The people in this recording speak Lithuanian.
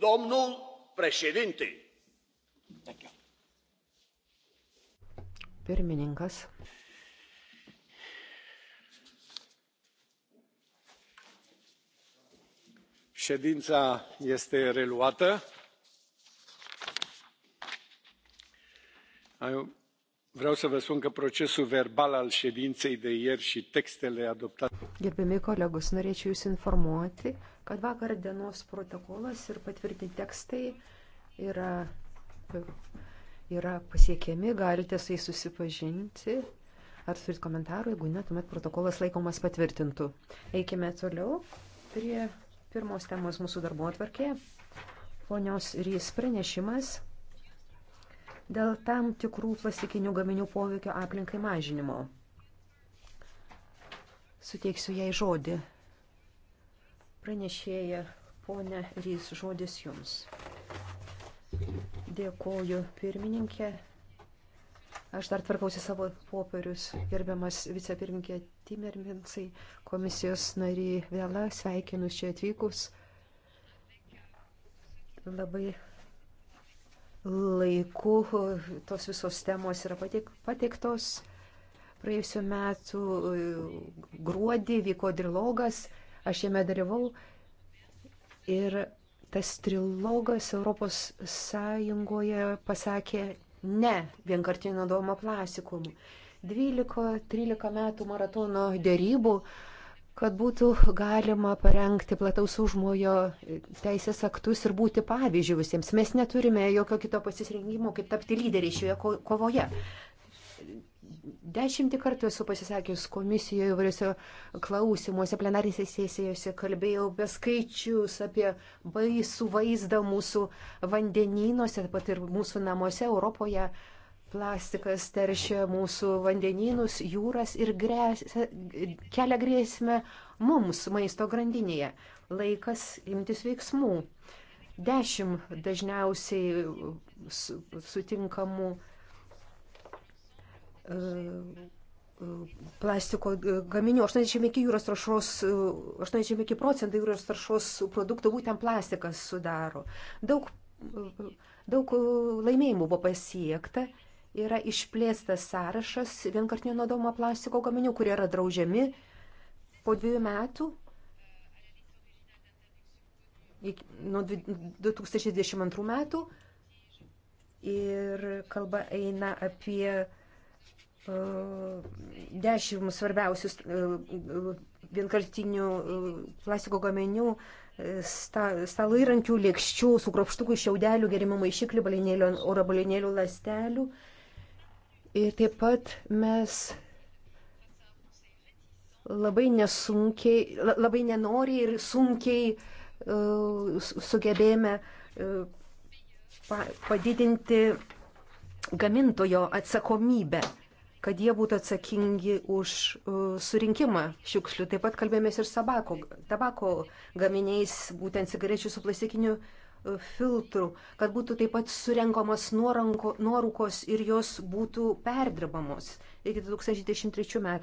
domnul președinte. Pirmininkas. Ședința este reluată. Vreau să vă spun că procesul verbal al ședinței de ieri și textele adoptate. Gerbiami kolegos, norėčiau Jūs informuoti, kad vakar dienos protokolas ir patvirtinti tekstai yra, yra pasiekiami, galite su jais susipažinti. Ar turit komentarų, jeigu ne, tuomet protokolas laikomas patvirtintų. Eikime toliau prie pirmos temos mūsų darbo atvarkėje. Ponios Rys pranešimas dėl tam tikrų plastikinių gaminių poveikio aplinkai mažinimo. Suteiksiu jai žodį. Pranešėja, ponė Rys, žodis jums. Dėkoju, pirmininkė. Aš dar tvarkausi savo popierius. Gerbiamas vicepirmininkė Timerminsai, komisijos nariai Vėla, sveikinu čia atvykus. Labai laiku tos visos temos yra pateiktos. Praėjusiu metu e, gruodį vyko trilogas, aš jame dalyvau ir tas trilogas Europos Sąjungoje pasakė ne vienkartinio naudojimo plastikumų. 12-13 metų maratono dėrybų kad būtų galima parengti plataus užmojo teisės aktus ir būti pavyzdžių visiems. Mes neturime jokio kito pasisrinkimo, kaip tapti lyderiai šioje kovoje. Dešimtį kartų esu pasisakius komisijoje, įvairiose klausimuose, plenarinėse sesijose, kalbėjau be skaičius apie baisų vaizdą mūsų vandenynuose, taip pat ir mūsų namuose Europoje. Uh, Plastikas teršia mūsų vandenynus, jūras ir grėsia, kelia grėsmę mums maisto grandinėje. Laikas imtis veiksmų. Dešimt dažniausiai sutinkamų e, plastiko gaminių. 80 iki jūros taršos, 80 iki procentai jūros taršos produktų būtent plastikas sudaro. Daug, daug laimėjimų buvo pasiekta yra išplėstas sąrašas vienkartinio naudojimo plastiko gaminių, kurie yra draudžiami po dviejų metų. Nuo 2022 metų ir kalba eina apie e, dešimt svarbiausius e, vienkartinių e, plastiko gaminių, stalo įrankių, lėkščių, sukropštukų, šiaudelių, gerimo maišiklių, balinėlių, oro balinėlių, lastelių, Ir taip pat mes labai nesunkiai, labai nenoriai ir sunkiai e, sugebėjome e, padidinti gamintojo atsakomybę, kad jie būtų atsakingi už e, surinkimą šiukšlių. Taip pat kalbėjomės ir sabako, tabako gaminiais, būtent cigarečių su plastikiniu E, filtrų, kad būtų taip pat surenkamos nuoranko, nuorūkos ir jos būtų perdirbamos iki 2023 metų.